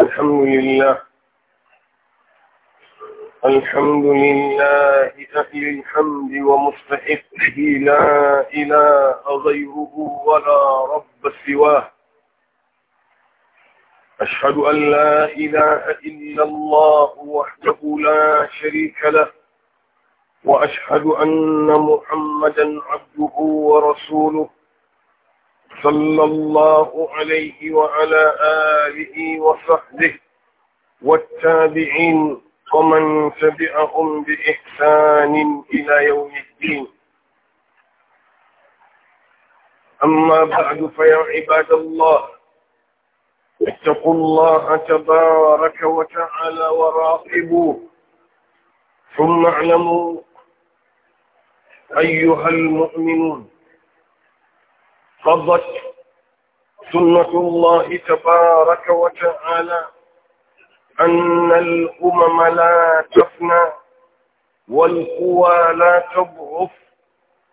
الحمد لله الحمد لله أهل الحمد ومستحقه لا إله غيره ولا رب سواه أشهد أن لا إله إلا الله وحده لا شريك له وأشهد أن محمدا عبده ورسوله صلى الله عليه وعلى آله وصحبه والتابعين ومن تبعهم بإحسان إلى يوم الدين أما بعد فيا عباد الله اتقوا الله تبارك وتعالى وراقبوه ثم اعلموا أيها المؤمنون فضلك سنة الله تبارك وتعالى أن الأمم لا تفنى والقوى لا تضعف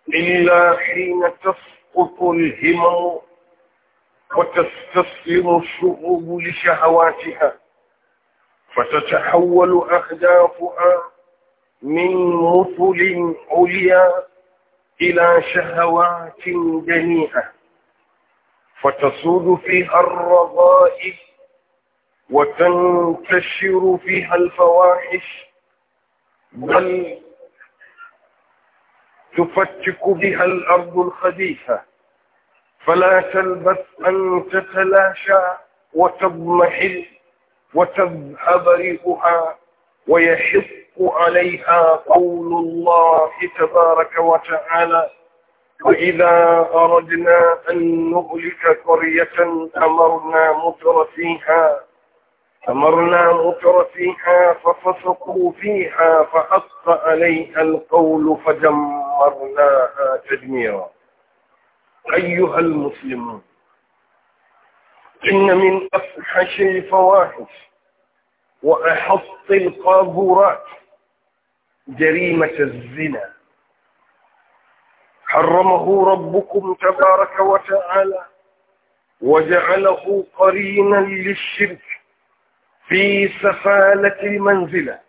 إلا حين تسقط الهمم وتستسلم الشعوب لشهواتها فتتحول أهدافها من مثل عليا إلى شهوات دنيئة فتسود فيها الرذائل وتنتشر فيها الفواحش بل تفتك بها الأرض الخبيثة فلا تلبث أن تتلاشى وتضمحل وتذهب ريحها ويحق عليها قول الله تبارك وتعالى وإذا أردنا أن نهلك قرية أمرنا مطر فيها أمرنا مطر فيها ففسقوا فيها فحق عليها القول فدمرناها تدميرا أيها المسلمون إن من أفحش الفواحش وأحط القابورات جريمة الزنا حرمه ربكم تبارك وتعالى وجعله قرينا للشرك في سفالة المنزلة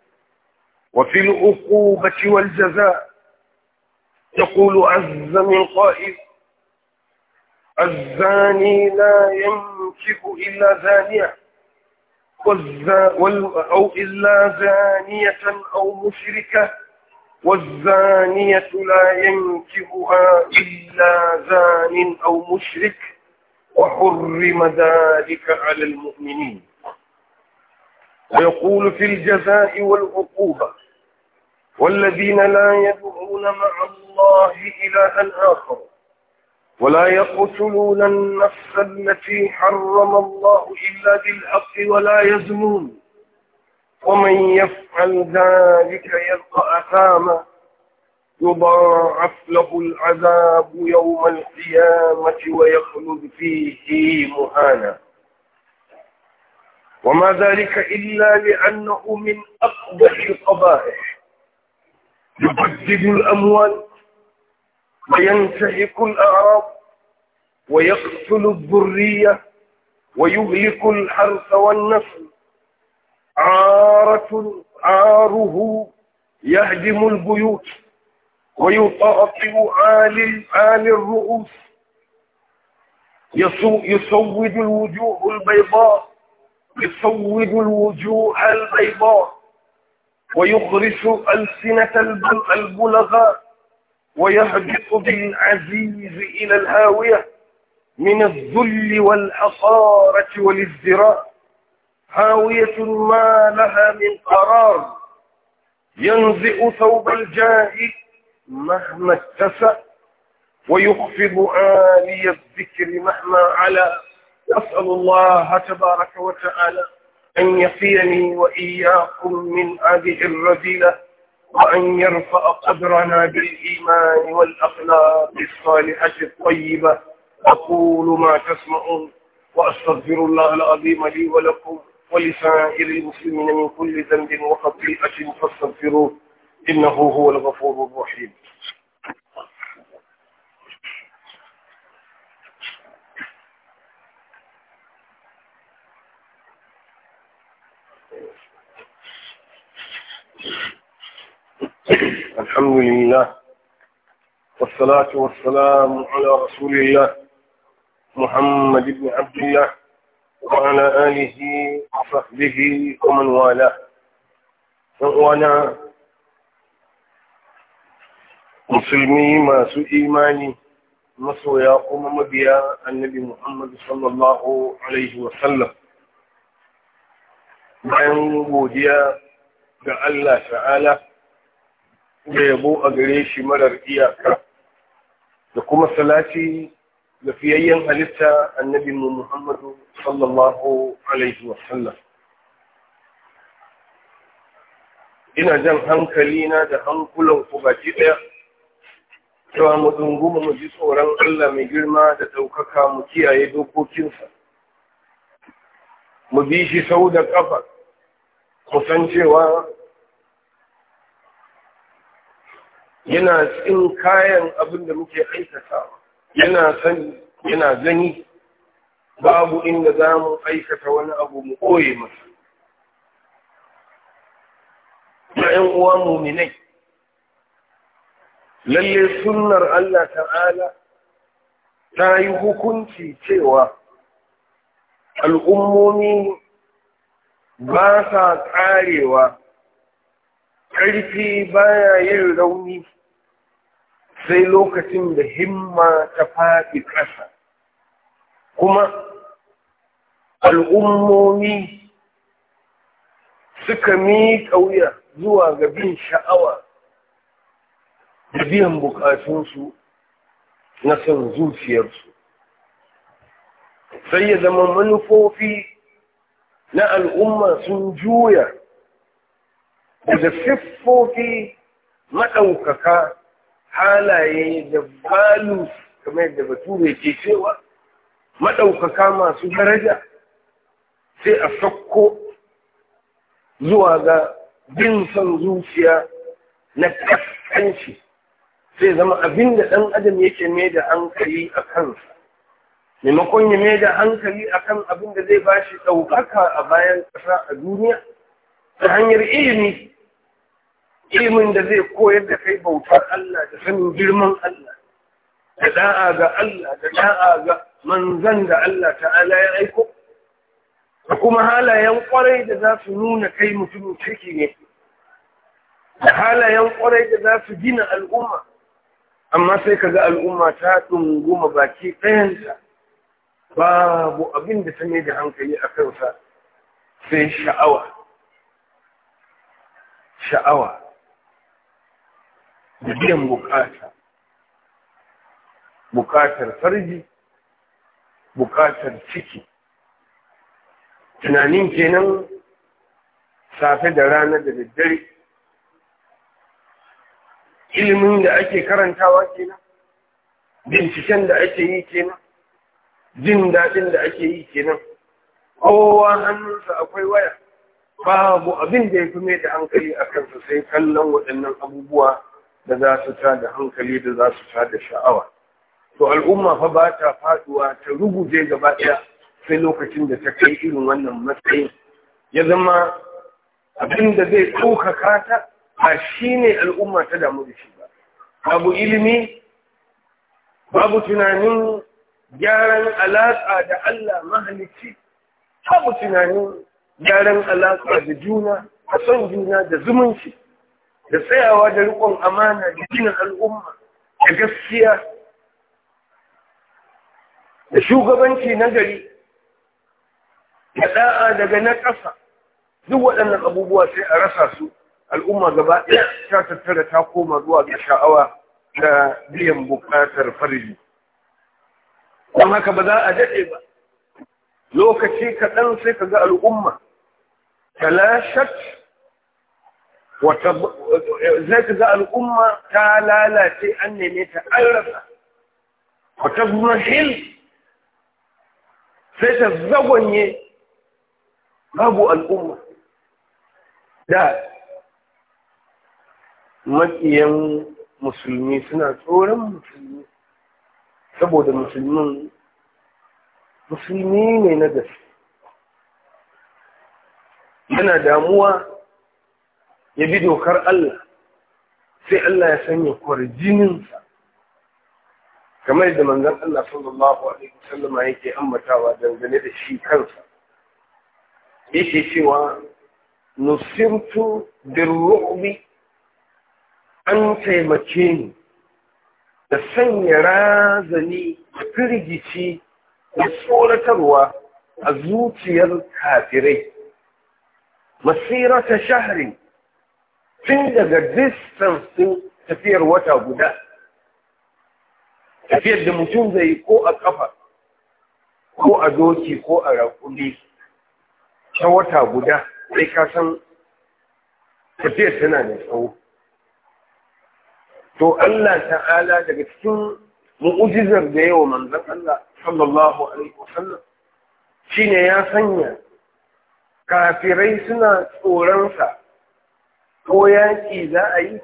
وفي العقوبة والجزاء يقول عز من قائل الزاني لا ينكح إلا زانية أو إلا زانية أو مشركة والزانية لا ينكبها إلا زان أو مشرك وحرم ذلك على المؤمنين ويقول في الجزاء والعقوبة والذين لا يدعون مع الله إلها آخر ولا يقتلون النفس التي حرم الله إلا بالحق ولا يزنون ومن يفعل ذلك يلقى أثاما يضاعف له العذاب يوم القيامة ويخلد فيه مهانا وما ذلك إلا لأنه من أقبح القبائح يبدد الأموال وينتهك الأعراض ويقتل الذرية ويهلك الحرث والنسل عارة عاره يهدم البيوت ويطاطئ عالي, آل الرؤوس يسود الوجوه البيضاء يسود الوجوه البيضاء ويخرس ألسنة البلغاء ويهبط بالعزيز إلى الهاوية من الذل والحصارة والازدراء هاوية ما لها من قرار ينزئ ثوب الجاهل مهما اتسع ويخفض آلي الذكر مهما على أسأل الله تبارك وتعالى أن يقيني وإياكم من هذه الرذيلة وأن يرفع قدرنا بالإيمان والأخلاق الصالحة الطيبة أقول ما تسمعون وأستغفر الله العظيم لي ولكم ولسائر المسلمين من كل ذنب وخطيئة فاستغفروه إنه هو الغفور الرحيم الحمد لله والصلاة والسلام على رسول الله محمد بن عبد الله وعلى آله وصحبه ومن Yan uwana. musulmi masu imani masoya kuma mabiya annabi Muhammad sallallahu alaihi wasallam bayan godiya ga Allah ta'ala da yabo a gare shi marar iyaka da kuma salati lafiyayyen halitta annabi mu Muhammadu sallallahu alaihi wa sallam ina jan hankali na da hankulan ku baki ɗaya cewa mu dunguma mu ji tsoron Allah mai girma da ɗaukaka mu kiyaye dokokinsa mu bi shi sau da ƙafa kusan cewa yana tsin kayan abin da muke aikatawa yana sani yana gani babu inda za mu aikata wani abu mu koye masa ‘yan uwa muminai lalle sunnar Allah ta'ala ta yi hukunci cewa al'ummomi ba sa ƙarewa ƙarfi baya yin rauni sai lokacin da himma ta faɗi ƙasa kuma al'ummomi suka miƙa wuya zuwa ga bin sha'awa da biyan buƙatunsu na son zuciyarsu sai ya zama manufofi na al'umma sun juya daga siffofi maɗaukaka halaye da balu kamar yadda bature ke cewa maɗaukaka masu daraja sai a sakko zuwa ga bin son zuciya na kaskanci sai zama abin da ɗan adam yake mai da hankali a kansa maimakon ya mai da hankali a kan abin da zai bashi ɗaukaka a bayan ƙasa a duniya ta hanyar ilimi ilimin da zai koyar da kai bautar Allah da sanin girman Allah da da'a ga Allah da da'a ga manzan da Allah ta'ala ya aiko da kuma halayen kwarai da za su nuna kai mutumin ciki ne da halayen kwarai da za su gina al'umma amma sai ka ga al'umma ta ɗunguma baki ɗayanta babu abin da ta mai da hankali a kansa sai sha'awa sha'awa da biyan bukata bukatar farji bukatar ciki tunanin kenan safe da rana da daddare ilimin da ake karantawa kenan binciken da ake yi kenan jin daɗin da ake yi kenan kowa hannunsa akwai waya babu abin da ya fi mai da hankali a kansa sai kallon waɗannan abubuwa da za su ta da hankali da za su ta da sha'awa to al'umma fa ba ta faɗuwa ta ruguje gaba ɗaya sai lokacin da ta kai irin wannan matsayin ya zama abin da zai ɗaukaka ta ba shi ne al'umma ta damu da shi ba babu ilimi babu tunanin gyaran alaƙa da Allah mahalicci babu tunanin gyaran alaƙa da juna a son juna da zumunci da tsayawa da rikon amana da ginin al'umma da gaskiya da shugabanci na gari da ɗa'a daga na ƙasa duk waɗannan abubuwa sai a rasa su al'umma gaba ɗaya ta tattara ta koma zuwa ga sha'awa da biyan buƙatar farji don haka ba za a daɗe ba lokaci kaɗan sai ka ga al'umma ta wata zai ga al'umma ta lalace an neme ta an rasa wata hil sai ta zagonye babu al'umma da maƙiyan musulmi suna tsoron musulmi saboda musulmin musulmi ne na gaske yana damuwa ya bi dokar Allah sai Allah ya sanya kwarjininsa kamar da manzon Allah sallallahu alaihi wasallam yake ambatawa dangane da shi kansa yake cewa nusirtu birru'bi an taimake ni da sanya razani firgici da tsoratarwa a zuciyar kafirai masirata shahrin tun daga distance din tafiyar wata guda tafiyar da mutum zai yi ko a kafa ko a doki ko a rakuli ta wata guda sai ka san tafiyar tana da tsawo to Allah ta'ala daga cikin mu'ujizar da yawa manzan Allah sallallahu alaihi wasallam shine ya sanya kafirai suna tsoronsa ko yaƙi za a yi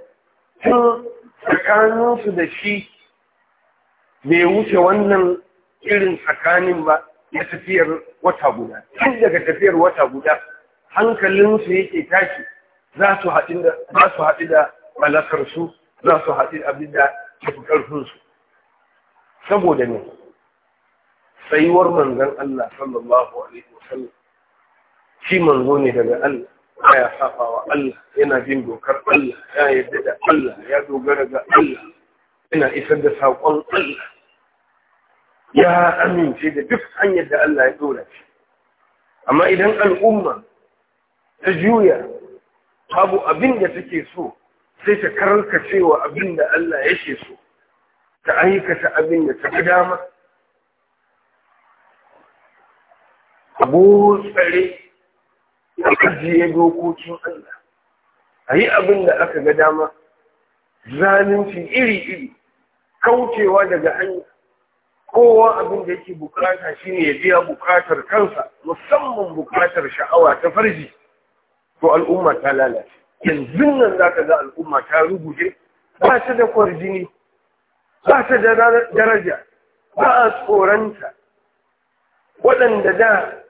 tun tsakaninsu da shi bai wuce wannan irin tsakanin ba na tafiyar wata guda tun daga tafiyar wata guda hankalinsu yake tashi za su haɗu da malakarsu za su haɗu abin da tafi ƙarfinsu saboda ne tsayuwar manzan Allah sallallahu alaihi wasallam shi manzo ne daga Allah ya saba Allah yana jin dokar Allah ya yadda da Allah ya dogara ga Allah yana isar da saƙon Allah ya amince da duk hanyar da Allah ya dora shi amma idan al'umma ta juya babu abin da take so sai ta karkace wa abin da Allah yake so ta aikata abin da ta dama abu tsare ya ajiye dokokin Allah a yi abin da aka ga dama zalunci iri-iri kaucewa daga hanya kowa abin da yake bukata shine ya biya bukatar kansa musamman bukatar sha'awa ta farji to al'umma ta lalace yanzu nan za ka ga al'umma ta rubuce ba ta da kwarjini ba ta da daraja ba a tsoranta waɗanda da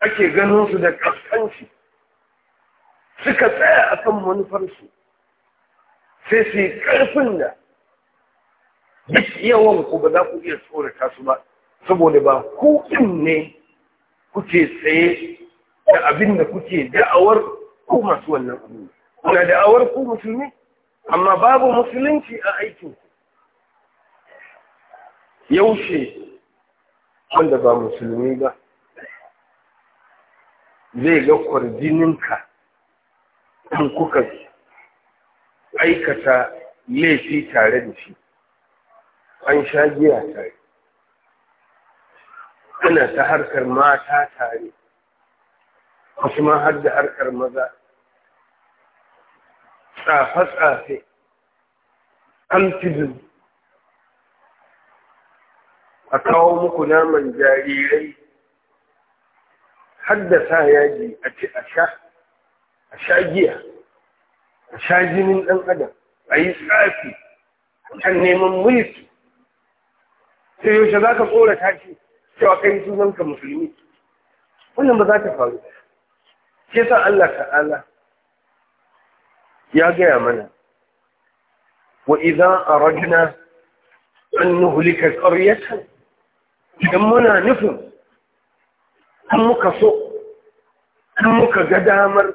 ake ganin su da kaskanci suka tsaya a kan manufarsu sai su yi ƙarfin da duk yawan ku ba za ku iya tsorata su ba saboda ba ku ne kuke tsaye da abin da kuke da'awar ku masu wannan abu kuna da'awar ku musulmi amma babu musulunci a aikin yaushe wanda ba musulmi ba zai ga kwarjininka in kuka aikata laifi tare da shi an sha giya tare ana ta harkar mata tare wasu ma har da harkar maza tsafe-tsafe amfizin a kawo muku naman jarirai haddasa yaji a ci a sha a sha giya a sha jinin ɗan adam a yi tsafi kan neman mulki sai yaushe za ka tsorata shi cewa kai sunanka musulmi wannan ba za ta faru ke sa Allah ta'ala ya gaya mana wa idan a rajina an nuhulika ƙaryatan idan muna nufin an muka so an muka ga damar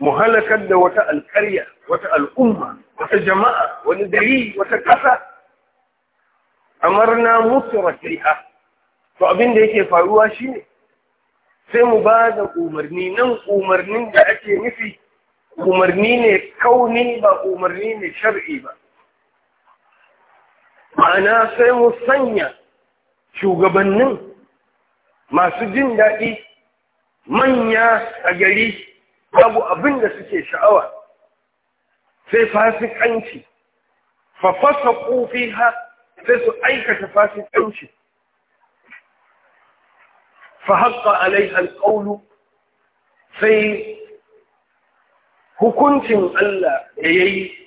mu halakar da wata alƙarya wata al'umma wata jama'a wani gari wata ƙasa amarna mutu rafiha to abin da yake faruwa shine sai mu ba da umarni nan umarnin da ake nufi umarni ne kauni ba umarni ne shar'i ba ma'ana sai mu sanya shugabannin masu jin daɗi manya a gari babu abin da suke sha'awa sai fasikanci fa fasa ƙofi ha sai su aikata fasikanci fa alai alƙaunu sai hukuncin Allah da ya yi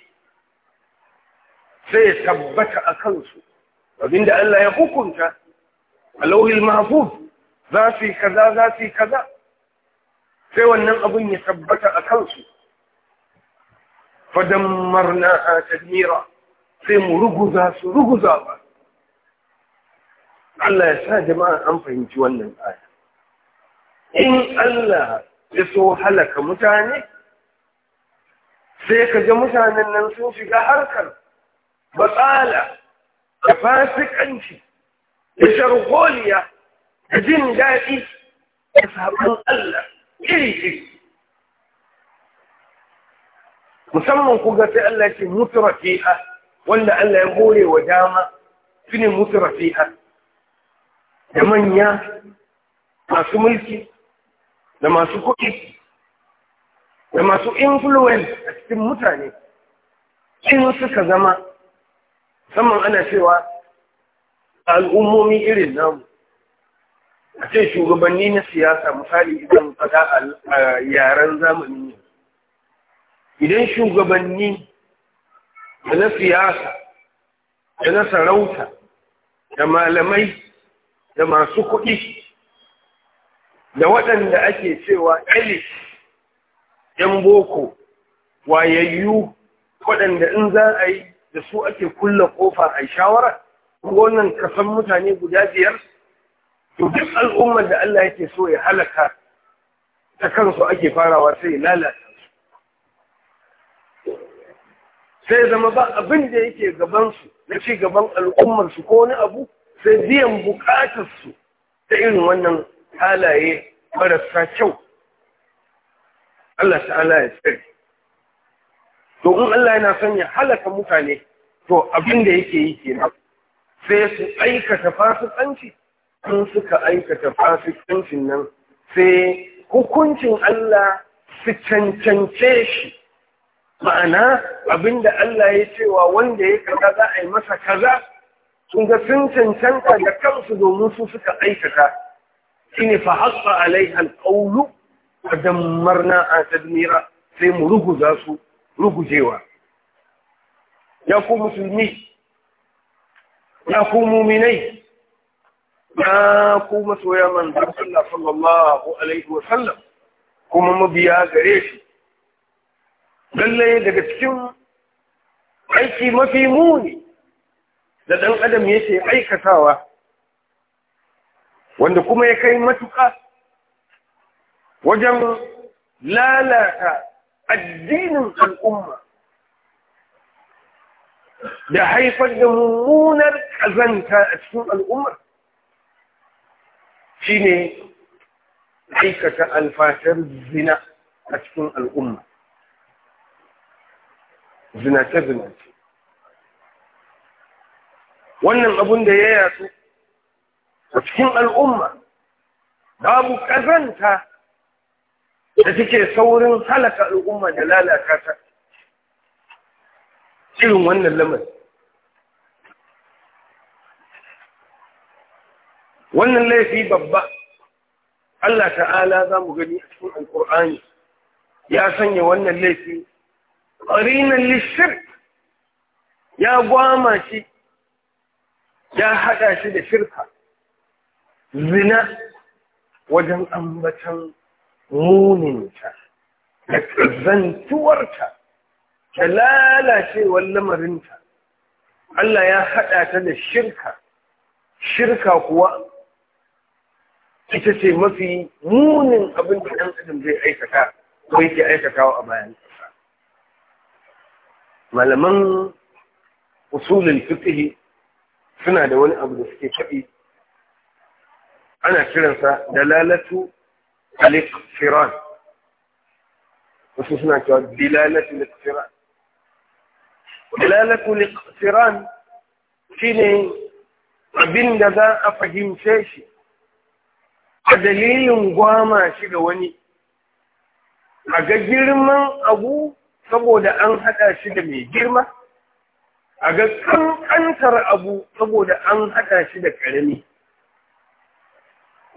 sai ya tabbata a kansu abinda Allah ya hukunta a lauhin mahfuz za su yi kaza za su yi kaza sai wannan abin ya tabbata a kansu marna a tadmira sai mu ruguza su ruguza ba Allah ya sa jama'a an fahimci wannan aya in Allah ya so halaka mutane sai ka ji mutanen nan sun shiga harkar batsala da fasikanci da sharholiya da jin daɗi da sabon Allah iri-iri. Musamman ku ga sai Allah ce mutu rafi'a wanda Allah ya hore wa dama su ne mutu rafi'a da manya masu mulki da masu kuɗi da masu influence a cikin mutane in suka zama musamman ana cewa al'ummomi irin namu a ce shugabanni na siyasa misali idan fada a yaren zamani idan shugabanni da na siyasa da na sarauta da malamai da masu kuɗi da waɗanda ake cewa elis yan boko wayayyu waɗanda in za a yi da su ake kulle ƙofa a shawara wannan kasan mutane guda biyar to duk al'ummar da Allah yake so ya halaka ta kansu ake farawa sai ya lalata su sai zama ba abin da yake gabansu na ci gaban al'ummarsu ko wani abu sai biyan su ta irin wannan halaye marasa kyau Allah ta'ala ya tsare to in Allah yana son ya halaka mutane to abin da yake yi kenan sai su aikata fasikanci in suka aikata fasikancin nan sai hukuncin Allah su cancance shi ma'ana abinda Allah ya cewa wanda ya kaza za a yi masa kaza sun ga sun cancanta da kansu domin su suka aikata ne fa haqqa a alqawlu na a tadmira sai mu ruguza su rugujewa ya ku musulmi ya ku muminai ya ku masoya manzon Allah sallallahu alaihi wa sallam kuma mabiya gare shi lallai daga cikin aiki mafi muni da ɗan adam yake aikatawa wanda kuma ya kai matuƙa wajen lalata addinin al'umma da haifar da mummunar ƙazanta a cikin al'ummar shine aikata alfashar zina a cikin al'umma zinace-zinace wannan abun da ya yatsu a cikin al'umma babu ƙazanta da take saurin halaka al'umma da lalata ta irin wannan lamarin wannan laifi babba Allah ta'ala za mu gani a cikin alkur'ani ya sanya wannan laifi ƙarinan lishirk ya gwama shi ya haɗa shi da shirka zina wajen ambatan muninta da zantuwarta da lalacewar lamarinta Allah ya haɗa ta da shirka shirka kuwa ita ce mafi munin abin da ɗan adam zai aikata ko yake aikatawa a bayan malaman usulin fiqh suna da wani abu da suke faɗi ana kiransa dalalatu al-iqtiran wasu suna cewa dalalatu al-iqtiran dalalatu al-iqtiran shine abin da za a fahimce shi a dalilin gwama shi da wani a ga girman abu saboda an haɗa shi da mai girma a ga ƙanƙantar abu saboda an haɗa shi da ƙarami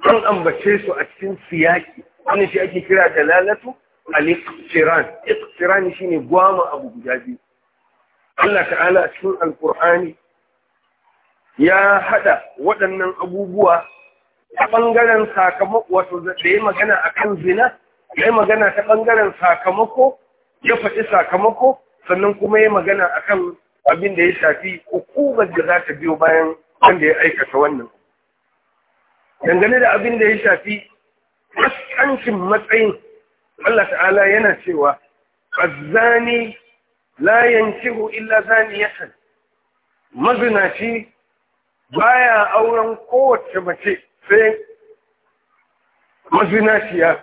an ambace su a cikin siyaki wani shi ake kira da lalatu al-iqtiran iqtiran shine gwama abu guda biyu Allah ta'ala a cikin alkur'ani ya haɗa waɗannan abubuwa ta ɓangaren sakamako wato da ya magana a kan zina ya yi magana ta ɓangaren sakamako ya faɗi sakamako sannan kuma ya magana a kan abin da ya shafi hukumar da za ta biyo bayan wanda ya aikata wannan dangane da abin da ya shafi kaskancin matsayin Allah ta'ala yana cewa azzani la yankihu illa zaniyatan mazinaci baya auren kowace mace sai mazinaciya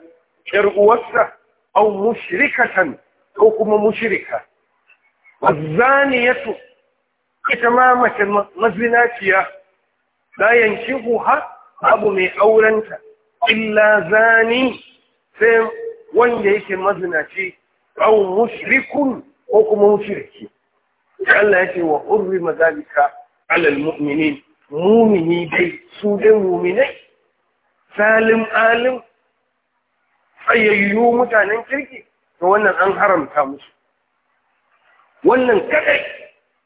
‘yar uwarsa au mushrikatan ko kuma mushrika wazaniyatu ita ma mace mazinaciya da yanki ha abu mai aurenta illa zani sai wanda yake mazinaci au mushrikun ko kuma mushriki Allah ya ce wa urri mazalika alal mu'minin mumini dai su dai muminai salim alim tsayayyu mutanen kirki to wannan an haramta musu wannan kadai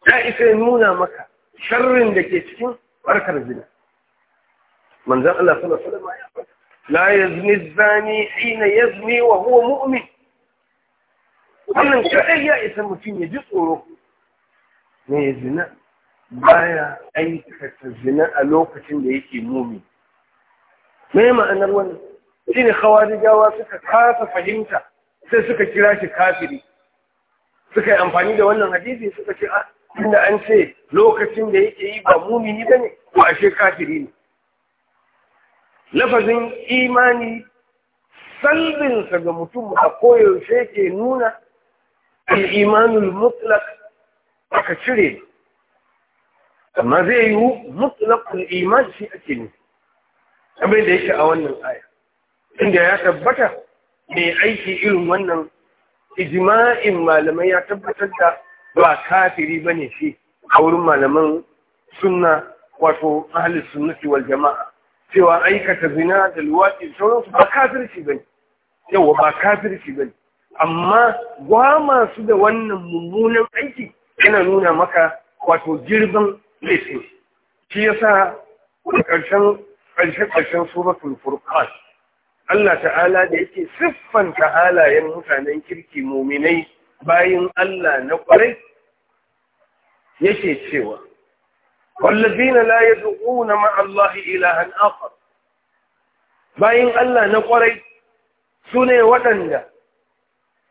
ya isa ya nuna maka sharrin da ke cikin barkar zina manzan Allah sallallahu alaihi wasallam ya faɗa la yazni zani hina yazni wa huwa mu'min wannan kadai ya isa mutum ya ji tsoro ne zina baya aikata zina a lokacin da yake mumi me ma'anar wannan shine khawarijawa suka kasa fahimta sai suka kira shi kafiri suka yi amfani da wannan hadisi suka ce inda ah, an ce lokacin da yake yi ba mumini bane ko ashe kafiri ne lafazin imani salbinsa ga mutum a koyaushe ke nuna al'imanul mutlak aka cire amma zai yi mutlaqul iman shi ake ne abin da yake a wannan aya inda ya tabbata mai aiki irin wannan ijima'in malamai ya tabbatar da ba kafiri bane shi a wurin malaman sunna wato ahlus sunnati wal jama'a cewa aikata zina da luwaɗi sauransu ba kafirci bane yawa ba kafirci bane amma gwama su da wannan mummunan aiki yana nuna maka wato girban laifin ne shi yasa da ƙarshen ƙarshen ƙarshen suratul furqan Allah ta'ala da yake siffan halayen mutanen kirki muminai bayin Allah na ƙwarai yake cewa wallazina la yad'una ma'a Allah ilahan akhar bayin Allah na ƙwarai sune waɗanda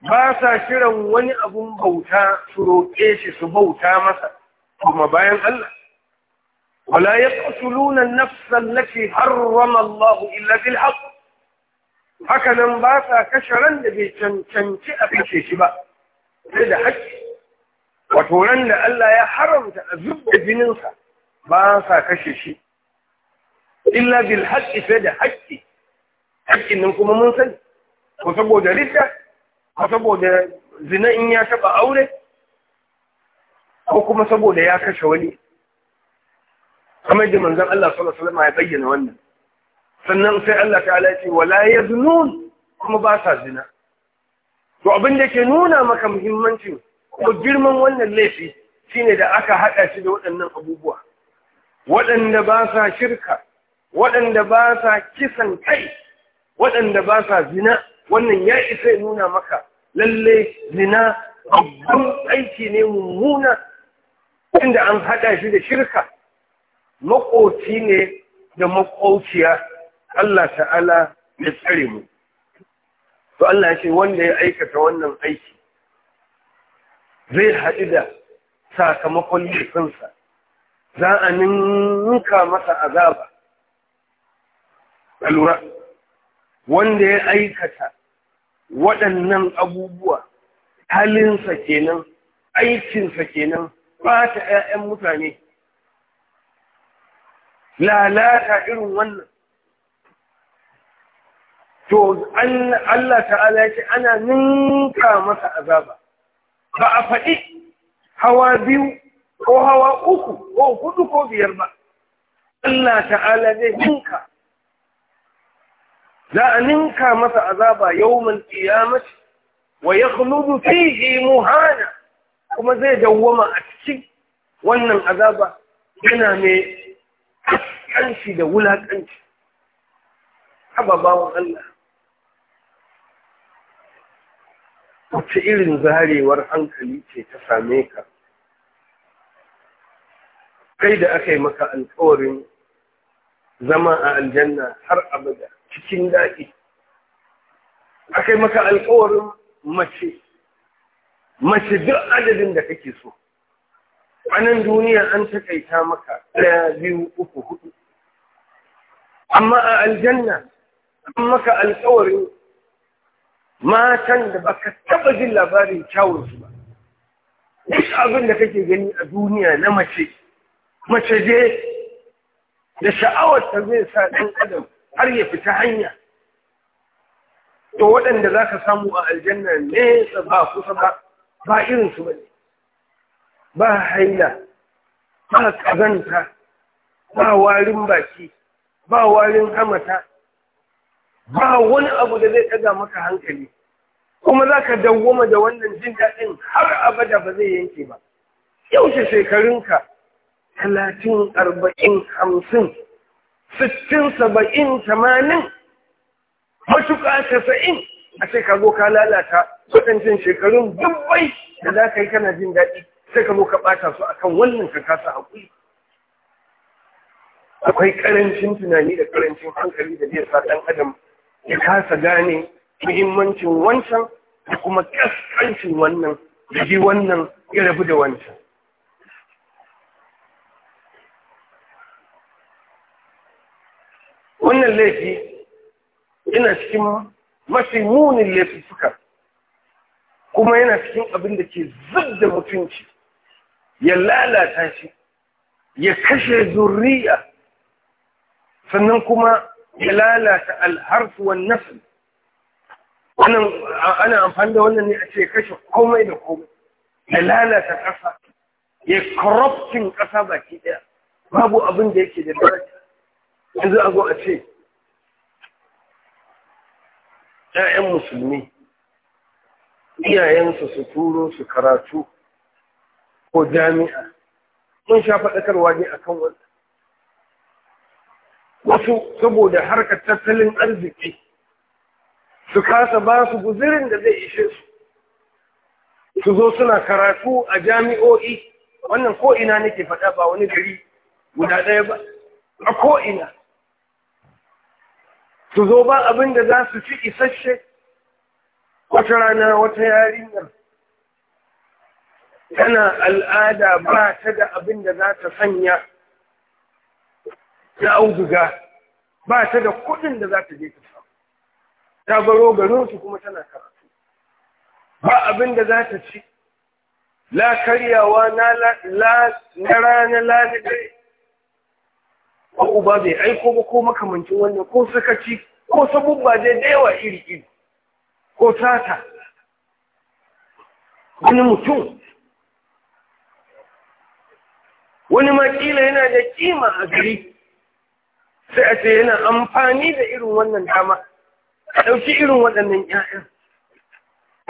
ba sa shirin wani abun bauta su roƙe shi su bauta masa kuma bayan Allah ولا يقتلون النفس التي حرم الله إلا بالحق هكذا باسا كشرا لبي تنتنتئ في شبا هذا حج وتولن ألا يا حرم تأذب بننسى باسا كششي إلا بالحق فهذا حج حج إنكم من سن وسبو جريدة وسبو زنا إن يتبع أولي أو كما سبو ليا كشولي kamar da manzon Allah sallallahu alaihi wasallam ya bayyana wannan sannan sai Allah ta'ala ya ce wala yaznun kuma ba sa zina to abin da ke nuna maka muhimmancin ko girman wannan laifi shine da aka haɗa shi da waɗannan abubuwa waɗanda ba sa shirka waɗanda ba sa kisan kai waɗanda ba sa zina wannan ya isa nuna maka lalle zina babban aiki ne mummuna inda an haɗa shi da shirka Maƙoci ne da maƙociya Allah ta'ala ya tsare mu to Allah ya ce wanda ya aikata wannan aiki zai haɗu da sakamakon laifinsa za a ninka masa azaba lura wanda ya aikata waɗannan abubuwa halinsa kenan aikinsa kenan ba ta 'ya'yan mutane lalata irin wannan to Allah ta'ala ce ana ninka masa azaba ba a faɗi hawa biyu ko hawa uku ko hudu ko biyar ba Allah ta'ala zai ninka za a ninka masa azaba yawmal qiyamati wa Kulubu fihi muhana kuma zai dawwama a cikin wannan azaba yana mai ƙasƙanci da wulaƙanci bawon Allah wace irin zarewar hankali ce ta same ka kai da aka yi maka alkawarin zama a aljanna har abada cikin daɗi aka yi maka alkawarin mace mace duk adadin da kake so a nan duniya an taƙaita maka ɗaya biyu uku hudu amma a aljanna an maka alkawarin matan da baka taba jin labarin kyawunsu ba duk abin da kake gani a duniya na mace mace je da sha'awar ta zai sa ɗan adam har ya fita hanya to waɗanda za ka samu a aljanna nesa ba kusa ba ba irinsu ba ne ba haila ba ƙazanta ba warin baki ba warin amata ba wani abu da zai ɗaga maka hankali kuma za ka dawoma da wannan jin daɗin har abada ba zai yanke ba yaushe shekarunka talatin arba'in hamsin sittin saba'in tamanin matuƙa casa'in a sai ka zo ka lalata waɗancan shekarun dubbai da za ka yi kana jin daɗi sai ka zo ka ɓata su a kan wannan ka kasa haƙuri akwai karancin tunani da karancin hankali da zai sa ɗan adam ya kasa gane muhimmancin wancan da kuma kaskancin wannan da ji wannan ya rabu da wancan wannan laifi yana cikin mafi munin laifuka kuma yana cikin abin da ke zub da mutunci ya lalata shi ya kashe zurriya sannan kuma ya lalata alharfu wan ana amfani da wannan ne a ce kashe komai da komai ya lalata ƙasa ya corrupting ƙasa baki ɗaya babu abin da yake da daraja yanzu a zo a ce ‘ya'yan musulmi iyayensu su turo su karatu ko jami'a mun sha faɗakarwa ne kan wannan wasu saboda harkar tattalin arziki su kasa ba su guzirin da zai ishe su su zo suna karatu a jami'o'i wannan ko'ina nake faɗa ba wani gari guda ɗaya ba a ko'ina su zo ba abin da za su ci isasshe wata rana wata yarinyar tana al'ada ba ta da abin da za ta sanya ta auduga ba ta da kuɗin da za ta je ta samu ta baro garinsu kuma tana karatu ba abin da za ta ci la karyawa na rana lalidai ba uba bai aiko ba ko makamancin wannan ko sakaci ko sabubba dai da yawa iri-iri ko sata wani mutum wani makila yana da kima a gari sai a ce yana amfani da irin wannan dama a ɗauki irin waɗannan ‘ya'yan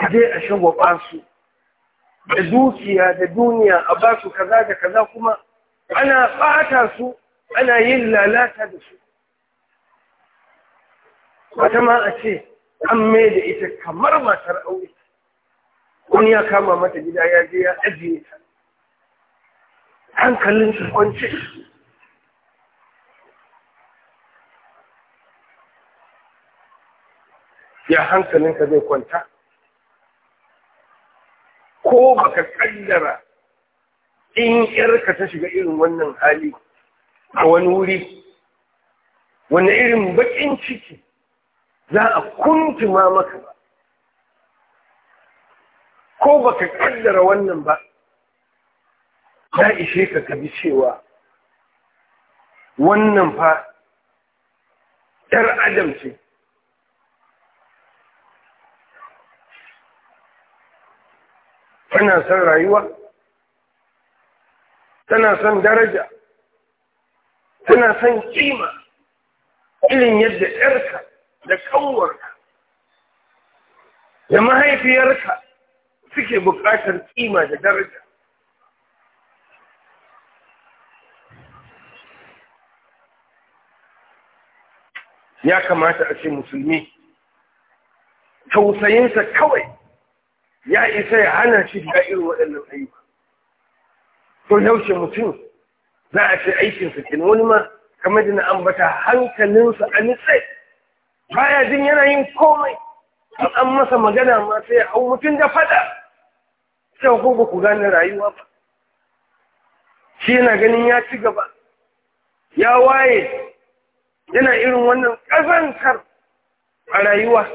a je a shagwaba su da dukiya da duniya a ba su kaza da kaza kuma ana ɓata su ana yin lalata da su wata ma a ce an mai da ita kamar matar aure wani ya kama mata gida ya je ya ajiye ta hankalin su kwanci ya hankalinka zai kwanta ko baka kaddara in yarka ta shiga irin wannan hali a wani wuri wani irin bakin ciki za a kuntuma maka ba ko baka kaddara wannan ba ya ishe ka kabi cewa wannan fa ‘yar adam ce tana son rayuwa tana son daraja tana son kima ilin yadda ‘yarka da ƙauwarka da mahaifiyarka suke buƙatar kima da daraja ya kamata a ce musulmi tausayinsa kawai ya isa ya hana shi shiga irin waɗannan ayyuka to yaushe mutum za a ce aikinsa kin wani ma kamar da na ambata hankalinsa a nitse baya jin yana yin komai an masa magana ma sai ya hau mutum da fada sai ko ba ku gane rayuwa ba shi yana ganin ya ci gaba ya waye yana irin wannan ƙazantar a rayuwa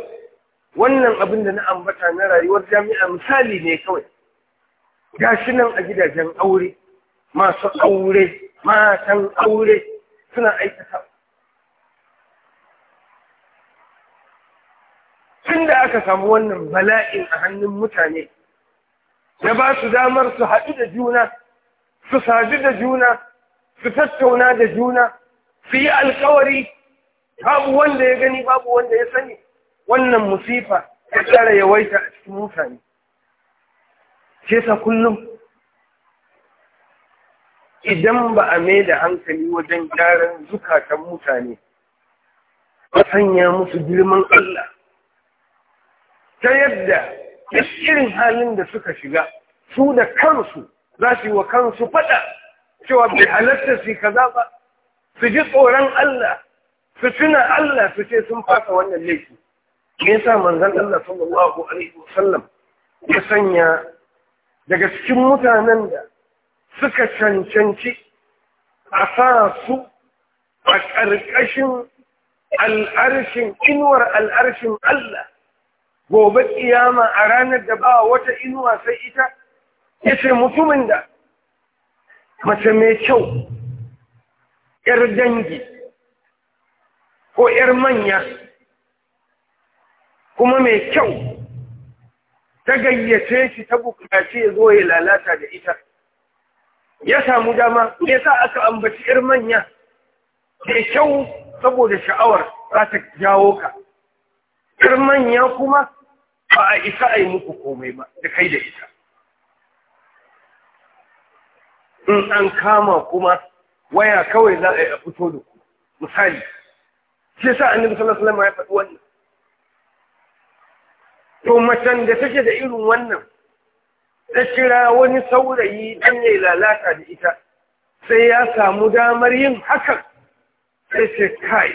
wannan abin da na ambata na rayuwar jami'a misali ne kawai shi nan a gidajen aure masu aure matan aure suna aikata tun da aka samu wannan bala'in a hannun mutane da ba su damar su haɗu da juna su sadu da juna su tattauna da juna su yi alkawari babu wanda ya gani babu wanda ya sani wannan musifa ya tsara yawaita a cikin mutane ce sa kullum idan ba a mai da hankali wajen gyaran zukatan mutane ba sanya musu girman Allah ta yadda irin halin da suka shiga su da kansu za su yi wa kansu faɗa cewa bai halatta su kaza ba su ji tsoron Allah su tuna Allah su ce sun fasa wannan laifin me yasa manzon Allah sallallahu alaihi wasallam ya sanya daga cikin mutanen da suka cancanci a sa su a ƙarƙashin al'arshin inuwar al'arshin Allah gobe ƙiyama a ranar da ba wata inuwa sai ita ya ce mutumin da mace mai kyau ‘yar dangi ko ‘yar manya kuma mai kyau ta gayyace shi ta bukaci ya zo ya lalata da ita ya samu dama me yasa aka ambaci yar manya mai kyau saboda sha'awar za ta jawo ka yar manya kuma ba a isa a yi muku komai ba da kai da ita in an kama kuma waya kawai za a yi a fito da ku misali shi sa annabi sallallahu alaihi wasallam ya faɗi wannan to macen da take da irin wannan ta kira wani saurayi dan ya lalata da ita sai ya samu damar yin hakan sai ce kai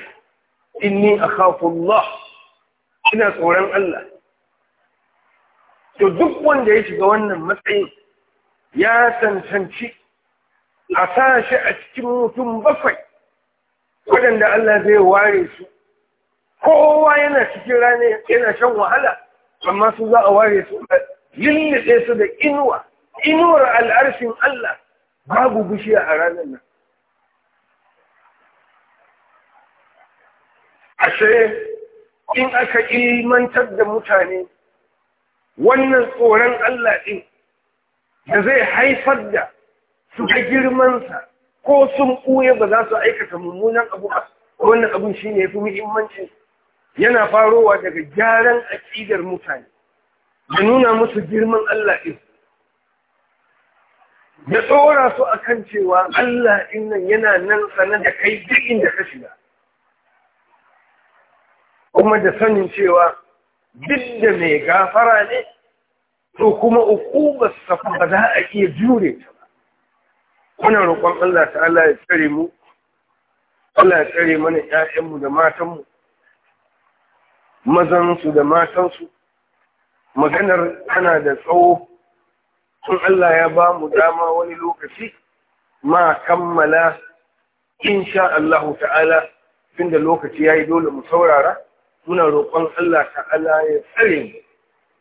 inni Allah ina tsoron Allah to duk wanda ya shiga wannan matsayin ya tantance a sa a cikin mutum bakwai waɗanda Allah zai ware su kowa yana cikin rana yana shan wahala amma su za a ware su lullube su da inuwa inuwar al'arshin Allah babu bishiya a ranar nan ashe in aka ilmantar da mutane wannan tsoron Allah ɗin da zai haifar da su ga girmansa ko sun ɓuya ba za su aikata mummunan abu ba wannan abin shi ne ya fi muhimmanci yana farowa daga gyaran aƙidar mutane da nuna musu girman Allah ɗin Ya tsora su a kan cewa Allah ɗin nan yana nan sanar da kai duk da ka shiga kuma da sanin cewa duk da mai gafara ne to kuma uqubar safa ba za a iya jure ta ba kuna roƙon Allah Allah ya tsare mu Allah ya tsare mana 'ya'yanmu da matanmu mazansu da matansu maganar ana da tsawo tun Allah ya ba mu dama wani lokaci ma kammala insha Allah ta'ala tun da lokaci ya yi dole mu saurara muna roƙon Allah ta'ala ya tsare mu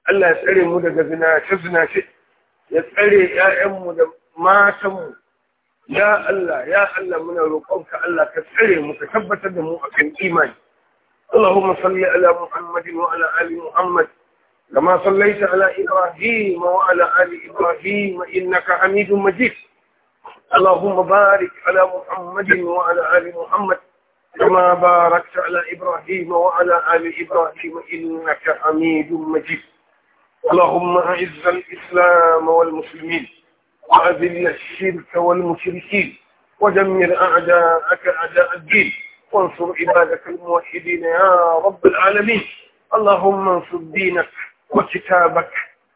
Allah ya tsare mu daga zinace-zinace ya tsare ‘ya'yanmu da matanmu ya Allah ya Allah muna roƙonka Allah ka tsare mu ka tabbatar da mu akan imani اللهم صل على محمد وعلى آل محمد كما صليت على إبراهيم وعلى آل إبراهيم إنك حميد مجيد اللهم بارك على محمد وعلى آل محمد كما باركت على إبراهيم وعلى آل إبراهيم إنك حميد مجيد اللهم أعز الإسلام والمسلمين وأذل الشرك والمشركين ودمر أعداءك أعداء الدين وانصر عبادك الموحدين يا رب العالمين اللهم انصر دينك وكتابك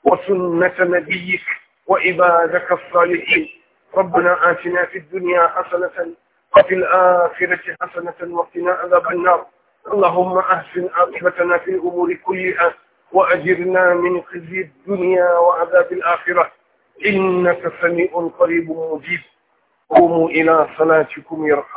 وسنة نبيك وعبادك الصالحين ربنا آتنا في الدنيا حسنة وفي الآخرة حسنة وقنا عذاب النار اللهم أحسن عاقبتنا في الأمور كلها وأجرنا من خزي الدنيا وعذاب الآخرة إنك سميع قريب مجيب قوموا إلى صلاتكم يرحم